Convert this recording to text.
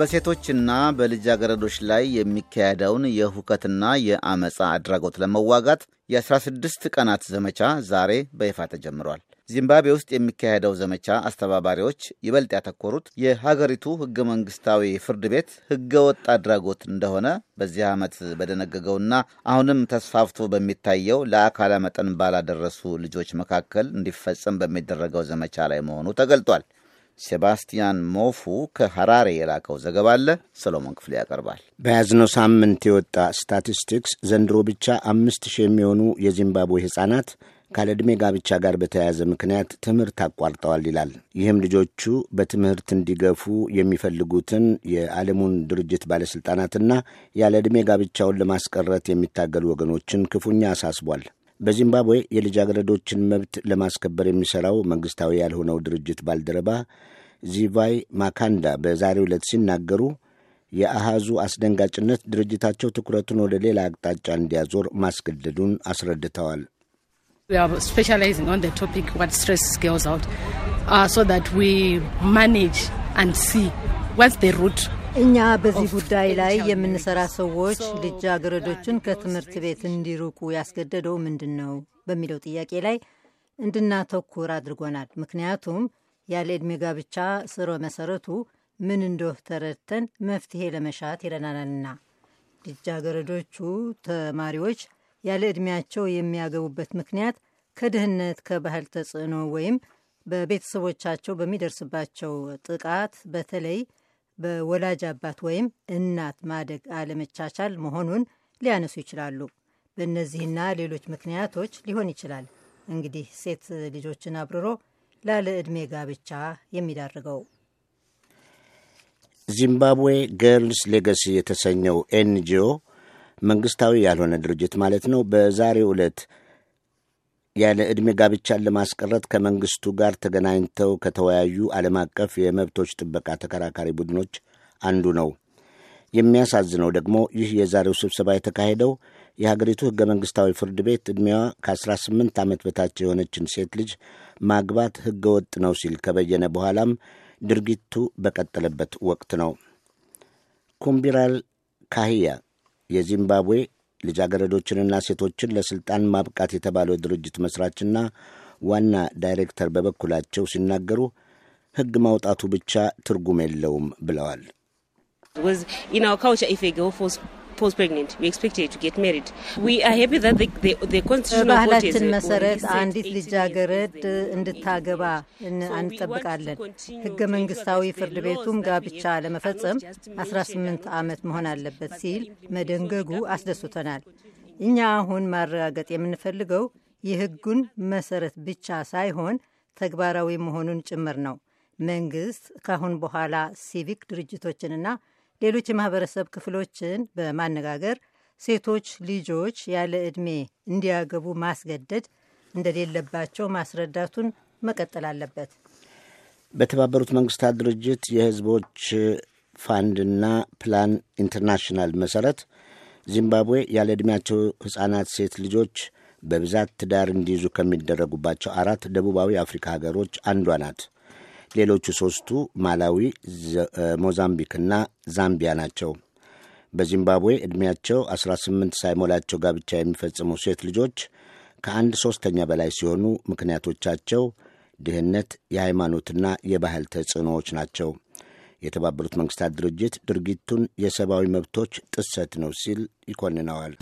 በሴቶችና በልጃገረዶች ላይ የሚካሄደውን የሁከትና የአመፃ አድራጎት ለመዋጋት የ16 ቀናት ዘመቻ ዛሬ በይፋ ተጀምሯል። ዚምባብዌ ውስጥ የሚካሄደው ዘመቻ አስተባባሪዎች ይበልጥ ያተኮሩት የሀገሪቱ ህገ መንግስታዊ ፍርድ ቤት ህገ ወጥ አድራጎት እንደሆነ በዚህ ዓመት በደነገገውና አሁንም ተስፋፍቶ በሚታየው ለአካለ መጠን ባላደረሱ ልጆች መካከል እንዲፈጸም በሚደረገው ዘመቻ ላይ መሆኑ ተገልጧል። ሴባስቲያን ሞፉ ከሐራሬ የላከው ዘገባ አለ። ሰሎሞን ክፍሌ ያቀርባል። በያዝነው ሳምንት የወጣ ስታቲስቲክስ ዘንድሮ ብቻ አምስት ሺህ የሚሆኑ የዚምባብዌ ሕፃናት ካለዕድሜ ጋብቻ ጋር በተያያዘ ምክንያት ትምህርት አቋርጠዋል ይላል። ይህም ልጆቹ በትምህርት እንዲገፉ የሚፈልጉትን የዓለሙን ድርጅት ባለሥልጣናትና ያለ ዕድሜ ጋብቻውን ለማስቀረት የሚታገሉ ወገኖችን ክፉኛ አሳስቧል። በዚምባብዌ የልጃገረዶችን መብት ለማስከበር የሚሠራው መንግሥታዊ ያልሆነው ድርጅት ባልደረባ ዚቫይ ማካንዳ በዛሬው ዕለት ሲናገሩ የአሃዙ አስደንጋጭነት ድርጅታቸው ትኩረቱን ወደ ሌላ አቅጣጫ እንዲያዞር ማስገደዱን አስረድተዋል። ስ እኛ በዚህ ጉዳይ ላይ የምንሰራ ሰዎች ልጃገረዶችን ከትምህርት ቤት እንዲርቁ ያስገደደው ምንድን ነው በሚለው ጥያቄ ላይ እንድናተኩር አድርጎናል። ምክንያቱም ያለ ዕድሜ ጋብቻ ስረ መሰረቱ ምን እንደሁ ተረድተን መፍትሄ ለመሻት ይረዳናልና ልጃገረዶቹ ተማሪዎች ያለ ዕድሜያቸው የሚያገቡበት ምክንያት ከድህነት፣ ከባህል ተጽዕኖ ወይም በቤተሰቦቻቸው በሚደርስባቸው ጥቃት በተለይ በወላጅ አባት ወይም እናት ማደግ አለመቻቻል መሆኑን ሊያነሱ ይችላሉ። በእነዚህና ሌሎች ምክንያቶች ሊሆን ይችላል እንግዲህ ሴት ልጆችን አብርሮ ላለ ዕድሜ ጋብቻ የሚዳርገው። ዚምባብዌ ገርልስ ሌጋሲ የተሰኘው ኤንጂኦ መንግሥታዊ ያልሆነ ድርጅት ማለት ነው በዛሬው ዕለት ያለ ዕድሜ ጋብቻን ለማስቀረት ከመንግስቱ ጋር ተገናኝተው ከተወያዩ ዓለም አቀፍ የመብቶች ጥበቃ ተከራካሪ ቡድኖች አንዱ ነው። የሚያሳዝነው ደግሞ ይህ የዛሬው ስብሰባ የተካሄደው የሀገሪቱ ሕገ መንግሥታዊ ፍርድ ቤት ዕድሜዋ ከ18 ዓመት በታች የሆነችን ሴት ልጅ ማግባት ሕገ ወጥ ነው ሲል ከበየነ በኋላም ድርጊቱ በቀጠለበት ወቅት ነው። ኩምቢራል ካህያ የዚምባብዌ ልጃገረዶችንና ሴቶችን ለስልጣን ማብቃት የተባለው ድርጅት መሥራችና ዋና ዳይሬክተር በበኩላቸው ሲናገሩ ሕግ ማውጣቱ ብቻ ትርጉም የለውም ብለዋል። Uh, በባህላችን መሰረት አንዲት ልጃገረድ እንድታገባ እንጠብቃለን። ህገ መንግስታዊ ፍርድ ቤቱም ጋብቻ ለመፈጸም 18 ዓመት መሆን አለበት ሲል መደንገጉ አስደስቶናል። እኛ አሁን ማረጋገጥ የምንፈልገው የህጉን መሰረት ብቻ ሳይሆን ተግባራዊ መሆኑን ጭምር ነው። መንግስት ካሁን በኋላ ሲቪክ ድርጅቶችንና ሌሎች የማህበረሰብ ክፍሎችን በማነጋገር ሴቶች ልጆች ያለ ዕድሜ እንዲያገቡ ማስገደድ እንደሌለባቸው ማስረዳቱን መቀጠል አለበት። በተባበሩት መንግስታት ድርጅት የህዝቦች ፋንድና ፕላን ኢንተርናሽናል መሠረት ዚምባብዌ ያለ ዕድሜያቸው ሕፃናት ሴት ልጆች በብዛት ትዳር እንዲይዙ ከሚደረጉባቸው አራት ደቡባዊ አፍሪካ ሀገሮች አንዷ ናት። ሌሎቹ ሦስቱ ማላዊ፣ ሞዛምቢክና ዛምቢያ ናቸው። በዚምባብዌ ዕድሜያቸው 18 ሳይሞላቸው ጋብቻ የሚፈጽሙ ሴት ልጆች ከአንድ ሦስተኛ በላይ ሲሆኑ ምክንያቶቻቸው ድህነት፣ የሃይማኖትና የባህል ተጽዕኖዎች ናቸው። የተባበሩት መንግሥታት ድርጅት ድርጊቱን የሰብአዊ መብቶች ጥሰት ነው ሲል ይኮንነዋል።